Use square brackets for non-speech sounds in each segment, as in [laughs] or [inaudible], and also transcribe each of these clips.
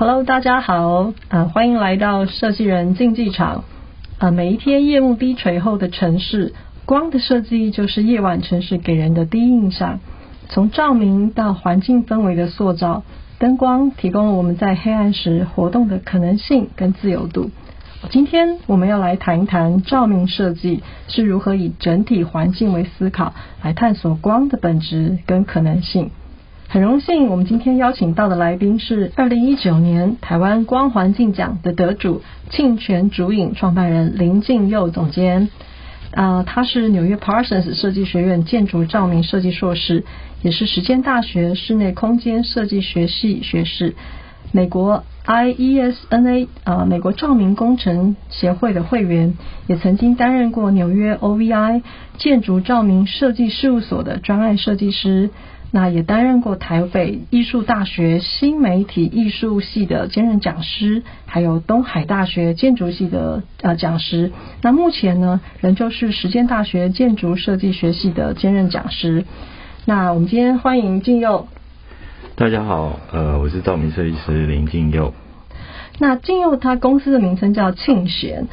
Hello，大家好，啊、呃，歡迎來到設計人競技場。啊、呃，每一天夜幕低垂後的城市，光的設計就是夜晚城市給人的第一印象。從照明到環境氛圍的塑造，燈光提供了我們在黑暗時活動的可能性跟自由度。今天我們要來談一談照明設計是如何以整體環境為思考，來探索光的本質跟可能性。很榮幸，我們今天邀請到的來賓是二零一九年台灣光環境獎的得主，沁弦築影創辦人林靖祐總監。啊，他是紐約 Parsons 設計學院建築照明設計碩士，也是時間大學室內空間設計學系學士，美國 IESNA 啊、呃、美國照明工程協會的會員，也曾經擔任過紐約 OVI 建築照明設計事務所的專案設計師。那也擔任過台北藝術大學新媒體藝術系的兼任講師，還有東海大學建築系的呃講師。那目前呢，仍舊是實踐大學建築設計學系的兼任講師。那我們今天歡迎靖祐。大家好，呃，我是照明設計師林靖祐。那靖祐他公司的名稱叫沁弦，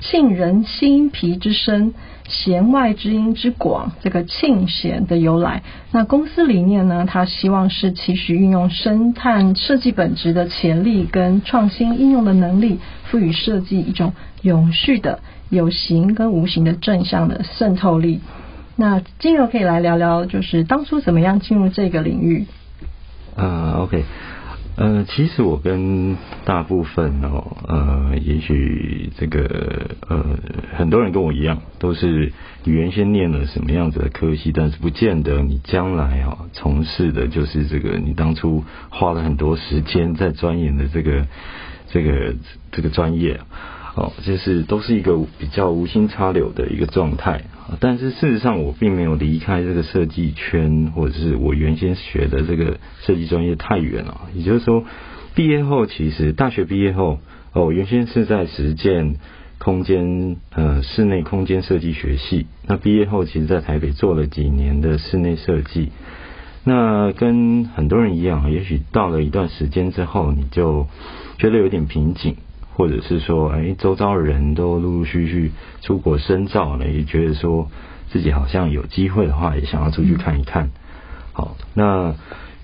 沁人心脾之聲，弦外之音之廣，這個沁弦的由來。那公司理念呢，他希望是期許運用深探設計本質的潛力跟創新應用的能力，賦予設計一種永續的有形跟無形的正向的滲透力。那靖祐可以來聊聊，就是當初怎麼樣進入這個領域？啊、uh,，OK。呃，其實我跟大部分哦，呃，也許這個呃，很多人跟我一樣，都是你原先念了什麼樣子的科系，但是不見得你將來哦從事的就是這個你當初花了很多時間在鑽研的這個這個這個專業，哦，就是都是一個比較無心插柳的一個狀態。但是事實上，我並沒有離開這個設計圈，或者是我原先學的這個設計專業太遠了。也就是說，畢業後其實大學畢業後，哦，我原先是在實踐空間，呃，室內空間設計學系。那畢業後，其實在台北做了幾年的室內設計。那跟很多人一樣，也許到了一段時間之後，你就覺得有點瓶頸。或者是說，哎，周遭的人都陸陸續續出國深造了，也覺得說自己好像有機會的話，也想要出去看一看。好，那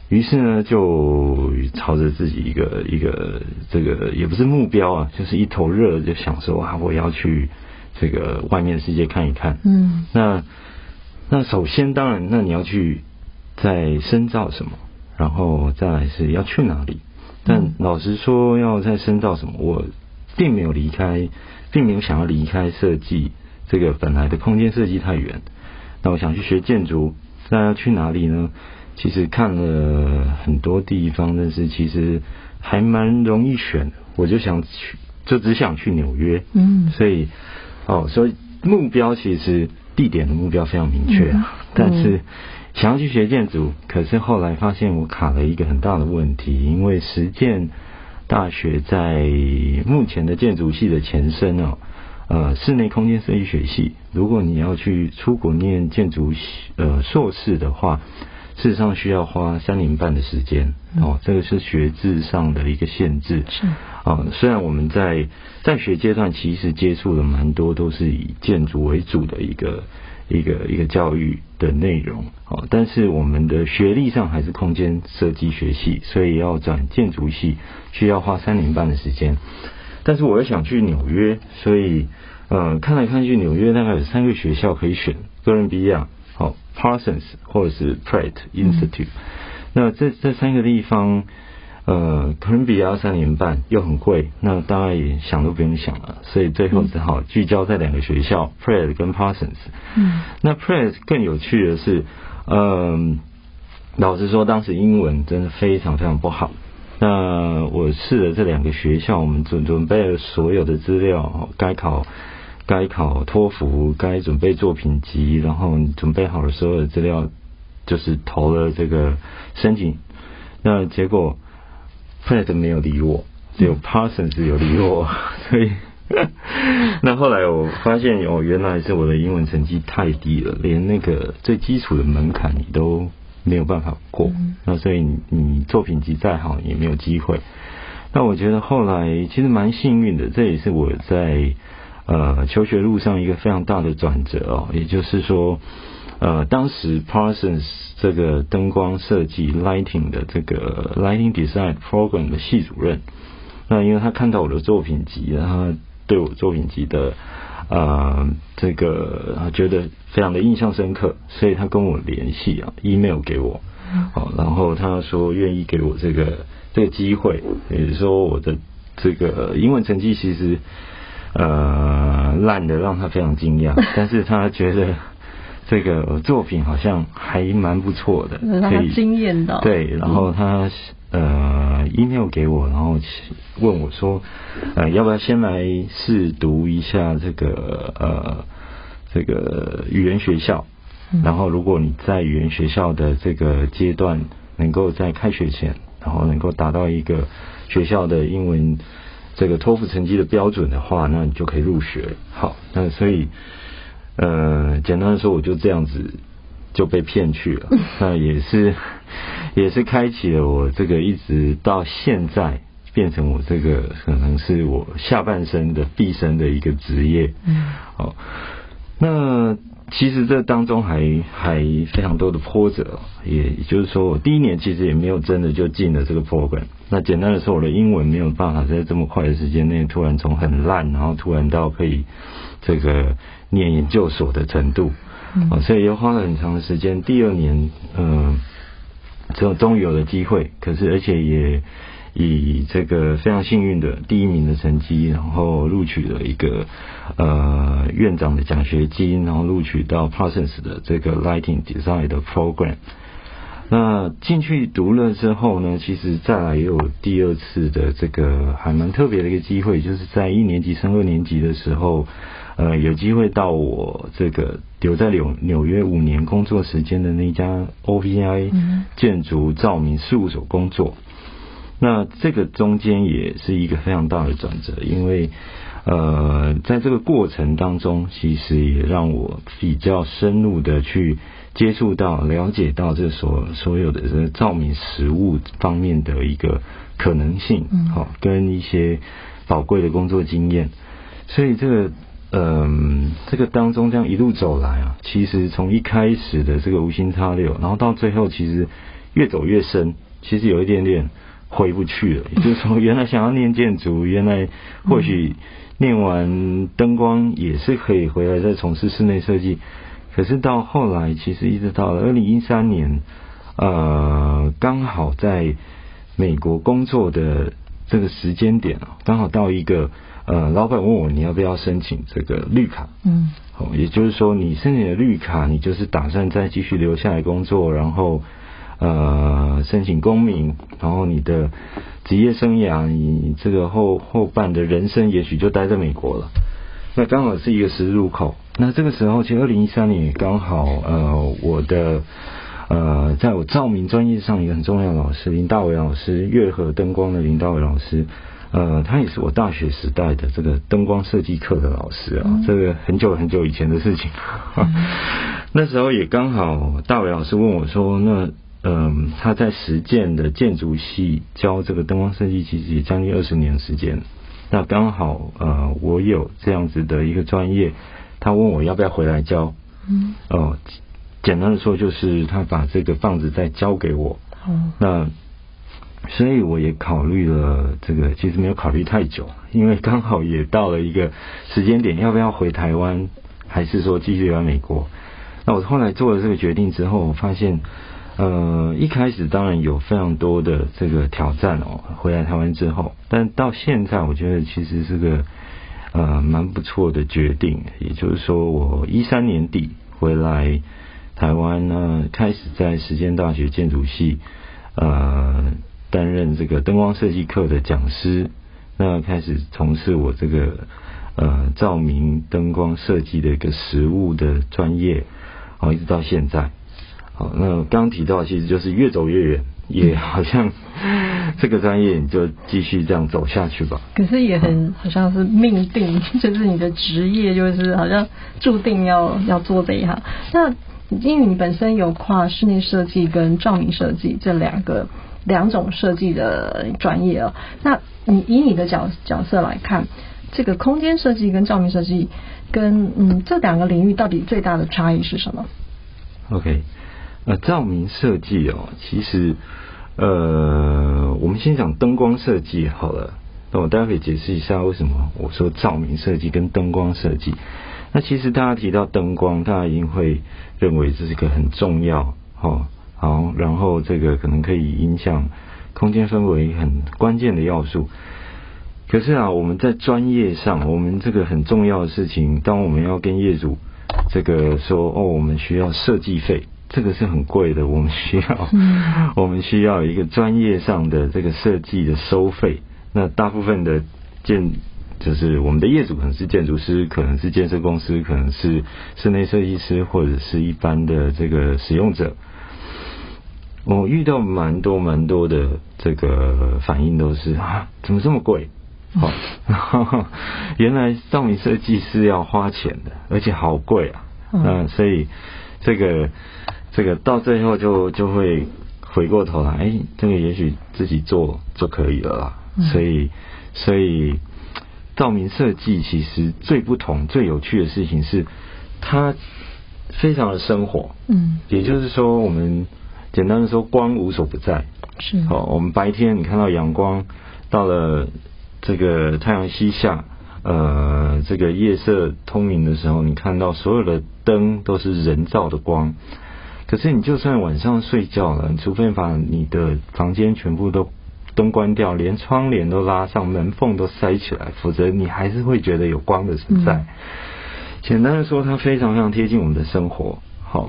於是呢，就朝着自己一個一個這個也不是目標啊，就是一頭熱就想說啊，我要去這個外面的世界看一看。嗯。那那首先，當然，那你要去再深造什麼，然後再來是要去哪裡？但老實說，要再深造什麼，我並沒有離開，並沒有想要離開設計這個本來的空間設計太遠。那我想去學建築，那要去哪裡呢？其實看了很多地方，但是其實還蠻容易選。我就想去，就只想去紐約。嗯。所以，哦，所以目標其實地點的目標非常明確，嗯嗯，但是。想要去學建築，可是後來發現我卡了一個很大的問題，因為實踐大學在目前的建築系的前身哦，呃，室內空間設計學系，如果你要去出國念建築呃碩士的話，事實上需要花三年半的時間哦，這個是學制上的一個限制。是、哦、啊，雖然我們在在學階段其實接觸的蠻多，都是以建築為主的一個。一個一個教育的內容，好，但是我們的學歷上還是空間設計學系，所以要轉建築系，需要花三年半的時間。但是我又想去紐約，所以，呃，看來看去紐約大概有三個學校可以選：哥倫比亞，好，Parsons，或者是 Pratt Institute。那這這三個地方。呃，哥倫比亞三年半又很貴，那當然也想都不用想了，所以最後只好聚焦在兩個學校 Pratt 跟 Parsons。嗯，p ons, 嗯，那 Pratt 更有趣的是，嗯、呃，老實說當時英文真的非常非常不好。那我試了這兩個學校，我們準準備了所有的資料，該考該考托福，該準備作品集，然後準備好了所有的資料，就是投了這個申請。那結果。後來都沒有理我，只有 Parsons 有理我，所以， [laughs] 那後來我發現哦，原來是我的英文成績太低了，連那個最基礎的門檻你都沒有辦法過，嗯、那所以你作品集再好也沒有機會。那我覺得後來其實蠻幸運的，這也是我在呃求學路上一個非常大的轉折哦，也就是說。呃，當時 Parsons 這個燈光設計 lighting 的這個 lighting design program 的系主任，那因為他看到我的作品集，然後對我作品集的啊、呃、這個他覺得非常的印象深刻，所以他跟我聯繫啊，email 給我，然後他說願意給我這個這個機會，也就是說我的這個英文成績其實呃爛的讓他非常驚訝，但是他覺得。這個作品好像還蠻不錯的，嗯、可以驚豔到。對，然後他、嗯、呃 email 給我，然後問我說，呃要不要先來試讀一下這個呃這個語言學校？然後如果你在語言學校的這個階段，能夠在開學前，然後能夠達到一個學校的英文這個托福成績的標準的話，那你就可以入學。好，那所以。呃，簡單的說，我就這樣子就被騙去了，那也是，也是開啟了我這個一直到現在變成我這個可能是我下半生的畢生的一個職業。嗯，好，那。其實這當中還還非常多的波折，也就是說，我第一年其實也沒有真的就進了這個 program。那簡單的說，我的英文沒有辦法在這麼快的時間內突然從很爛，然後突然到可以這個念研究所的程度，嗯、啊，所以又花了很長的時間。第二年，嗯、呃，就終於有了機會，可是而且也。以這個非常幸運的第一名的成績，然後錄取了一個呃院長的獎學金，然後錄取到 Parsons 的這個 Lighting Design 的 Program。那進去讀了之後呢，其實再來也有第二次的這個還蠻特別的一個機會，就是在一年級升二年級的時候，呃，有機會到我這個留在紐紐約五年工作時間的那家 OPI 建築照明事務所工作。嗯那這個中間也是一個非常大的轉折，因為，呃，在這個過程當中，其實也讓我比較深入的去接觸到、了解到這所所有的這照明實務方面的一個可能性，好、嗯哦，跟一些寶貴的工作經驗。所以這個，嗯、呃，這個當中這樣一路走來啊，其實從一開始的這個無心插柳，然後到最後，其實越走越深，其實有一點點。回不去了，也就是說，原來想要念建築，原來或許念完燈光也是可以回來再從事室內設計。可是到後來，其實一直到了二零一三年，呃，剛好在美國工作的這個時間點，剛好到一個呃，老闆問我你要不要申請這個綠卡？嗯，好，也就是說你申請的綠卡，你就是打算再繼續留下來工作，然後。呃，申請公民，然後你的職業生涯，你這個後後半的人生，也許就待在美國了。那剛好是一個十字路口。那這個時候，其實二零一三年也剛好，呃，我的呃，在我照明專業上一個很重要的老師林大偉老師，月河燈光的林大偉老師，呃，他也是我大學時代的這個燈光設計課的老師啊，嗯、這個很久很久以前的事情。嗯、 [laughs] 那時候也剛好，大偉老師問我說：“那？”嗯，他在實踐的建築系教這個燈光設計，其實將近二十年的時間。那剛好呃我有這樣子的一個專業，他問我要不要回來教。嗯。哦，簡單的說就是他把這個棒子再交給我。哦、嗯。那，所以我也考慮了這個，其實沒有考慮太久，因為剛好也到了一個時間點，要不要回台灣，還是說繼續在美國？那我後來做了這個決定之後，我發現。呃，一開始當然有非常多的這個挑戰哦，回來台灣之後，但到現在我覺得其實是個呃蠻不錯的決定，也就是說我一三年底回來台灣呢，開始在實踐大學建築系呃擔任這個燈光設計課的講師，那開始從事我這個呃照明燈光設計的一個實務的專業，然、哦、後一直到現在。好，那剛剛提到，其實就是越走越遠，也好像這個專業你就繼續這樣走下去吧。可是也很好像是命定，就是你的職業就是好像注定要要做這一行。那因為你本身有跨室內設計跟照明設計這兩個兩種設計的專業哦，那你以你的角角色來看，這個空間設計跟照明設計跟嗯這兩個領域到底最大的差異是什麼？OK。呃，照明設計哦，其實，呃，我們先講燈光設計好了。那我待會解釋一下為什麼我說照明設計跟燈光設計。那其實大家提到燈光，大家一定會認為這是個很重要，吼、哦，好，然後這個可能可以影響空間氛圍很關鍵的要素。可是啊，我們在專業上，我們這個很重要的事情，當我們要跟業主這個說，哦，我們需要設計費。這個是很貴的，我們需要，嗯、我們需要一個專業上的這個設計的收費。那大部分的建，就是我們的業主可能是建築師，可能是建設公司，可能是室內設計師，或者是一般的這個使用者。我遇到蠻多蠻多的這個反應都是啊，怎麼這麼貴？哦，嗯、然後原來照明設計是要花錢的，而且好貴啊。嗯，嗯，所以這個。這個到最後就就會回過頭來，哎，這個也許自己做就可以了啦。嗯、所以，所以照明設計其實最不同、最有趣的事情是，它非常的生活。嗯，也就是說，我們簡單的說，光無所不在。是、哦。我們白天你看到陽光，到了這個太陽西下，呃，這個夜色通明的時候，你看到所有的燈都是人造的光。可是你就算晚上睡覺了，你除非把你的房間全部都燈關掉，連窗簾都拉上，門縫都塞起來，否則你還是會覺得有光的存在。嗯。簡單的說，它非常非常貼近我們的生活。好，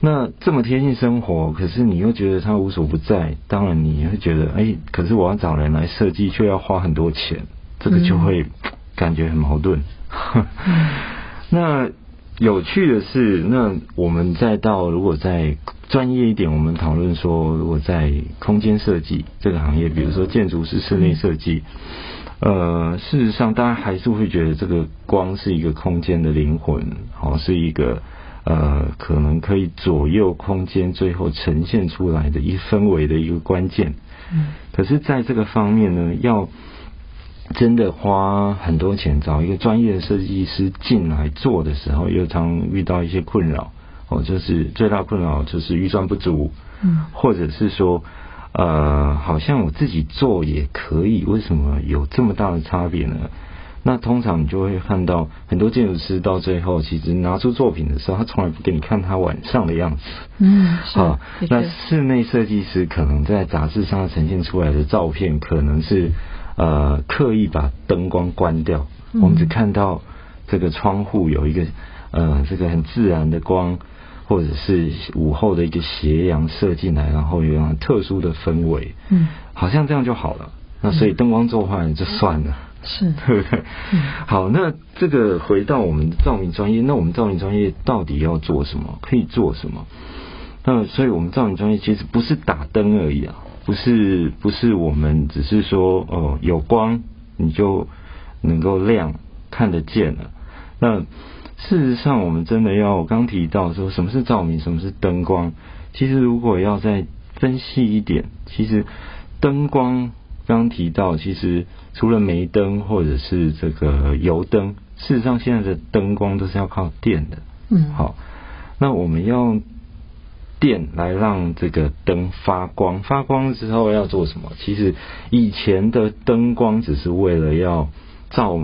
那這麼貼近生活，可是你又覺得它無所不在，當然你會覺得，哎，可是我要找人來設計，卻要花很多錢，這個就會感覺很矛盾。 [laughs] 那。有趣的是，那我們再到如果再專業一點，我們討論說，如果在空間設計這個行業，比如說建築師、室內設計，呃，事實上，大家還是會覺得這個光是一個空間的靈魂，哦，是一個呃，可能可以左右空間最後呈現出來的一氛圍的一個關鍵。可是，在這個方面呢，要。真的花很多錢找一個專業的設計師進來做的時候，又常遇到一些困擾。哦，就是最大困擾就是預算不足，嗯，或者是說，呃，好像我自己做也可以，為什麼有這麼大的差別呢？那通常你就會看到很多建築師到最後其實拿出作品的時候，他從來不給你看他晚上的樣子，嗯，啊，哦，確實。那室內設計師可能在雜誌上呈現出來的照片可能是。呃，刻意把燈光關掉，嗯、我們只看到這個窗戶有一個呃，這個很自然的光，或者是午後的一個斜陽射進來，然後有一種特殊的氛圍，嗯，好像這樣就好了。那所以燈光做壞了就算了，是、嗯，對不對？好，那這個回到我們的照明專業，那我們照明專業到底要做什麼？可以做什麼？那所以，我們照明專業其實不是打燈而已啊。不是不是我們只是說哦、呃、有光你就能夠亮看得見了。那事實上我們真的要我剛提到說什麼是照明，什麼是燈光。其實如果要再分析一點，其實燈光剛,剛提到，其實除了煤燈或者是這個油燈，事實上現在的燈光都是要靠電的。嗯。好，那我們要。電來讓這個燈發光，發光之後要做什麼？其實以前的燈光只是為了要照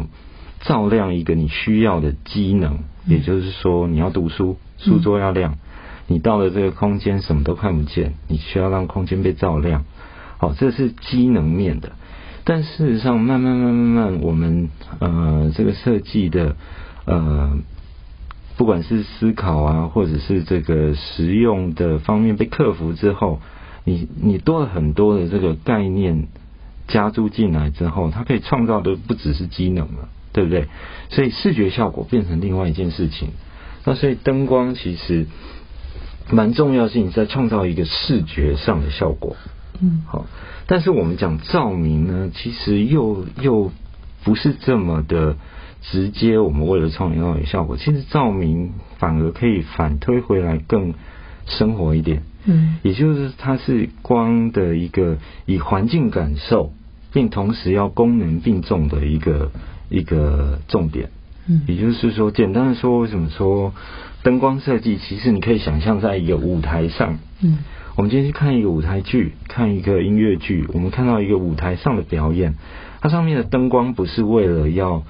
照亮一個你需要的機能，也就是說你要讀書，書桌要亮。嗯、你到了這個空間什麼都看不見，你需要讓空間被照亮。好，這是機能面的。但事實上，慢慢慢慢慢慢，我們呃這個設計的呃。不管是思考啊，或者是這個實用的方面被克服之後，你你多了很多的這個概念加注進來之後，它可以創造的不只是機能了，對不對？所以視覺效果變成另外一件事情。那所以燈光其實蠻重要的是你在創造一個視覺上的效果。嗯。好，但是我們講照明呢，其實又又不是這麼的。直接我們為了創造一個效果，其實照明反而可以反推回來，更生活一點。嗯，也就是它是光的一個以環境感受，並同時要功能並重的一個一個重點。嗯，也就是說，簡單的說，為什麼說燈光設計？其實你可以想象在一個舞台上。嗯，我們今天去看一個舞台劇，看一個音樂劇，我們看到一個舞台上的表演，它上面的燈光不是為了要。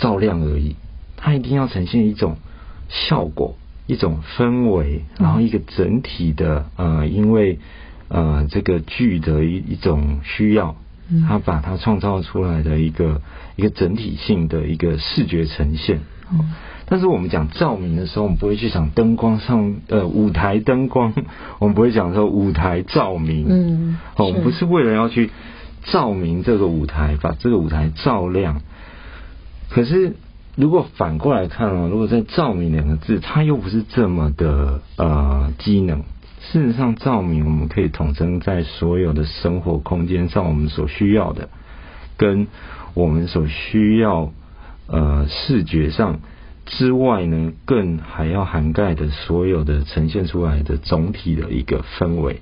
照亮而已，它一定要呈現一種效果，一種氛圍，然後一個整體的、嗯、呃，因為呃這個劇的一一種需要，它把它創造出來的一個、嗯、一個整體性的一個視覺呈現。嗯、但是我們講照明的時候，我們不會去想燈光上呃舞台燈光，我們不會講說舞台照明，嗯、哦，我們不是為了要去照明這個舞台，把這個舞台照亮。可是，如果反過來看哦，如果在“照明”兩個字，它又不是這麼的呃機能。事實上，照明我們可以統稱在所有的生活空間上，我們所需要的，跟我們所需要呃視覺上之外呢，更還要涵蓋的所有的呈現出來的總體的一個氛圍。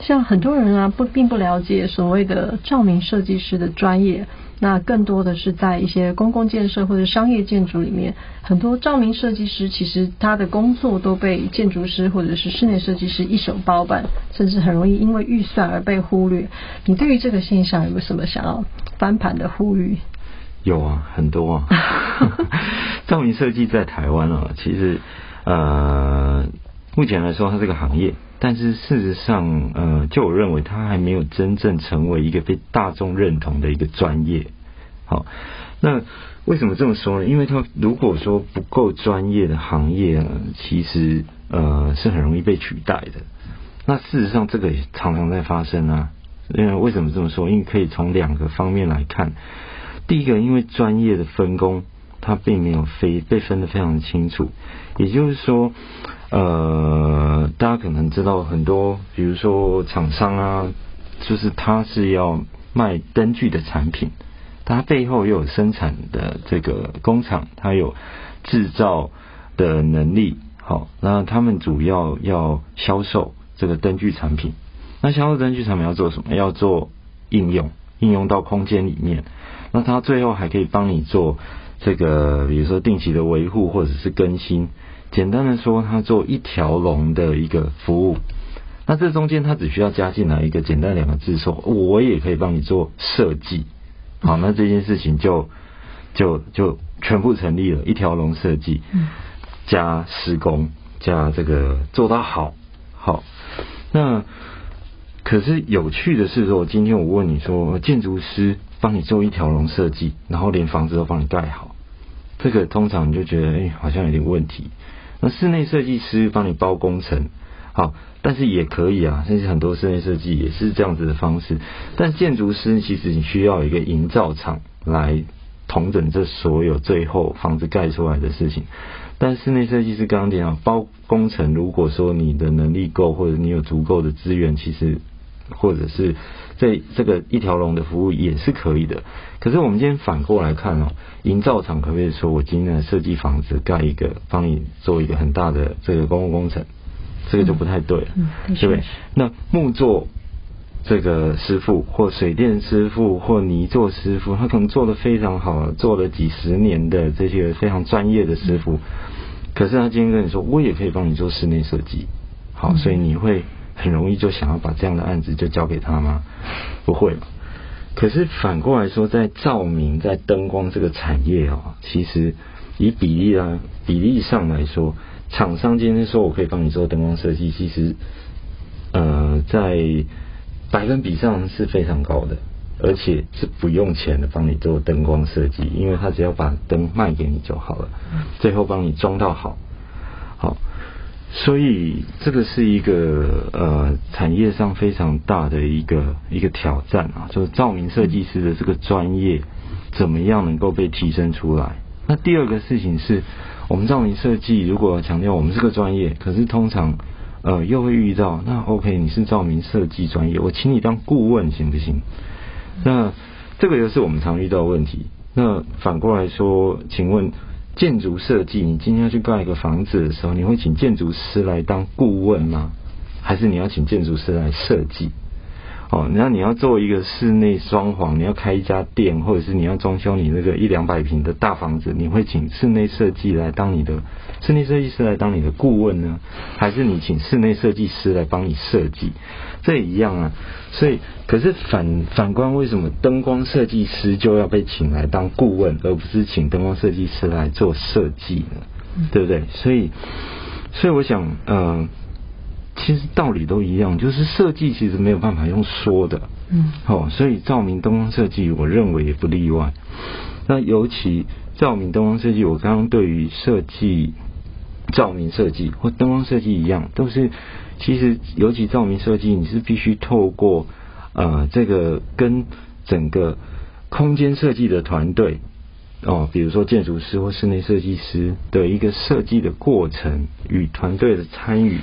像很多人啊，不，並不了解所謂的照明設計師的專業，那更多的是在一些公共建設或者商業建築裡面，很多照明設計師其實他的工作都被建築師或者是室內設計師一手包辦，甚至很容易因為預算而被忽略。你對於這個現象有沒有什麼想要翻盤的呼籲？有啊，很多啊， [laughs] 照明設計在台灣啊，其實呃，目前來說它這個行業。但是事實上，呃，就我認為，他還沒有真正成為一個被大眾認同的一個專業。好，那為什麼這麼說呢？因為他如果說不夠專業的行業，其實呃是很容易被取代的。那事實上，這個也常常在發生啊。因為，嗯，為什麼這麼說？因為可以從兩個方面來看。第一個，因為專業的分工，他並沒有非被分得非常的清楚，也就是說。呃，大家可能知道很多，比如說廠商啊，就是他是要賣燈具的產品，它背後又有生產的這個工廠，它有制造的能力。好，那他們主要要銷售這個燈具產品。那銷售燈具產品要做什麼？要做應用，應用到空間裡面。那它最後還可以幫你做這個，比如說定期的維護或者是更新。簡單的說，他做一條龍的一個服務，那這中間他只需要加進來一個簡單兩個字，說我也可以幫你做設計，好，那這件事情就就就全部成立了，一條龍設計，加施工，加這個做到好，好。那可是有趣的是說，今天我問你說，建築師幫你做一條龍設計，然後連房子都幫你蓋好，這個通常你就覺得，哎、欸，好像有點問題。室內設計師幫你包工程，好，但是也可以啊，甚至很多室內設計也是這樣子的方式。但建築師其實你需要一個營造廠來統整這所有最後房子蓋出來的事情。但室內設計師剛剛講、啊、包工程，如果說你的能力夠或者你有足夠的資源，其實。或者是這這個一條龍的服務也是可以的，可是我們今天反過來看哦，營造廠可不可以說我今天來設計房子蓋一個，幫你做一個很大的這個公共工程，這個就不太對了，嗯嗯、對,對不對、嗯、對那木作這個師傅或水電師傅或泥作師傅，他可能做得非常好，做了幾十年的這些非常專業的師傅，嗯、可是他今天跟你說我也可以幫你做室內設計，好，所以你會。很容易就想要把這樣的案子就交給他嗎？不會。可是反過來說，在照明、在燈光這個產業哦，其實以比例啊比例上來說，廠商今天說我可以幫你做燈光設計，其實呃，在百分比上是非常高的，而且是不用錢的，幫你做燈光設計，因為他只要把燈賣給你就好了，最後幫你裝到好。所以這個是一個呃產業上非常大的一個一個挑戰啊，就是照明設計師的這個專業怎麼樣能夠被提升出來？那第二個事情是，我們照明設計如果要強調我們是個專業，可是通常呃又會遇到那 OK，你是照明設計專業，我請你當顧問行不行？那這個又是我們常遇到的問題。那反過來說，請問，建築設計，你今天要去蓋一個房子的時候，你會請建築師來當顧問嗎？還是你要請建築師來設計？哦，那你要做一個室內裝潢，你要開一家店，或者是你要裝修你那個一兩百平的大房子，你會請室內設計來當你的室內設計師來當你的顧問呢，還是你請室內設計師來幫你設計？這也一樣啊。所以，可是反反觀，為什麼燈光設計師就要被請來當顧問，而不是請燈光設計師來做設計呢？對不對？所以，所以我想，嗯、呃。其實道理都一樣，就是設計其實沒有辦法用說的，嗯，好，哦，所以照明燈光設計，我認為也不例外。那尤其照明燈光設計，我剛剛對於設計照明設計或燈光設計一樣，都是其實尤其照明設計，你是必須透過呃這個跟整個空間設計的團隊哦，比如說建築師或室內設計師的一個設計的過程與團隊的參與。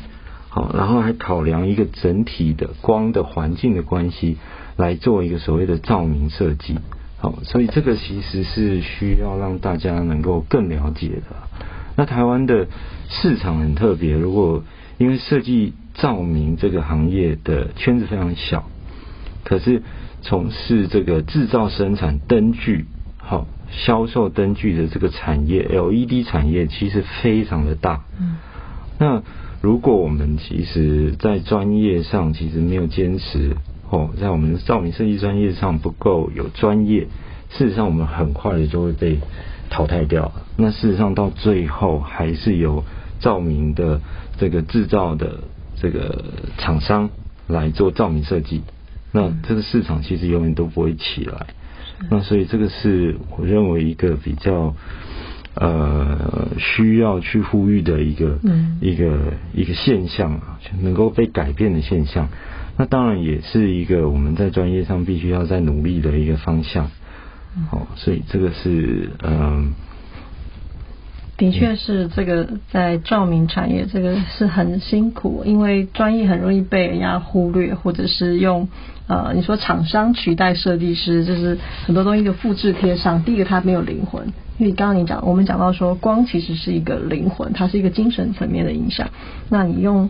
好，然後還考量一個整體的光的環境的關係，來做一個所謂的照明設計。好，所以這個其實是需要讓大家能夠更了解的。那台灣的市場很特別，如果因為設計照明這個行業的圈子非常小，可是從事這個製造、生產燈具、好銷售燈具的這個產業，LED 產業其實非常的大。嗯，那。如果我們其實，在專業上其實沒有堅持，吼、哦，在我們照明設計專業上不夠有專業，事實上我們很快的就會被淘汰掉。那事實上到最後，還是由照明的這個制造的這個廠商來做照明設計。那這個市場其實永遠都不會起來。那所以這個是我認為一個比較。呃，需要去呼籲的一個、嗯、一個一個現象啊，就能夠被改變的現象，那當然也是一個我們在專業上必須要再努力的一個方向。哦，所以這個是嗯。呃的確是這個在照明產業，這個是很辛苦，因為專業很容易被人家忽略，或者是用呃你說廠商取代設計師，就是很多東西的複製貼上。第一個它沒有靈魂，因為剛剛你講，我們講到說光其實是一個靈魂，它是一個精神層面的影響。那你用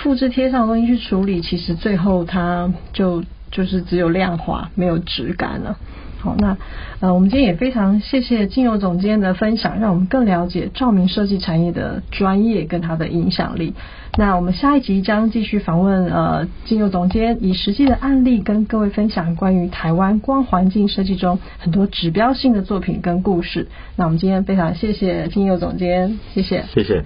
複製貼上的東西去處理，其實最後它就就是只有亮化，沒有質感了啊。好，那呃，我們今天也非常謝謝靖祐總監的分享，讓我們更了解照明設計產業的專業跟它的影響力。那我們下一集將繼續訪問呃靖祐總監，以實際的案例跟各位分享關於台灣光環境設計中很多指標性的作品跟故事。那我們今天非常謝謝靖祐總監，謝謝，謝謝。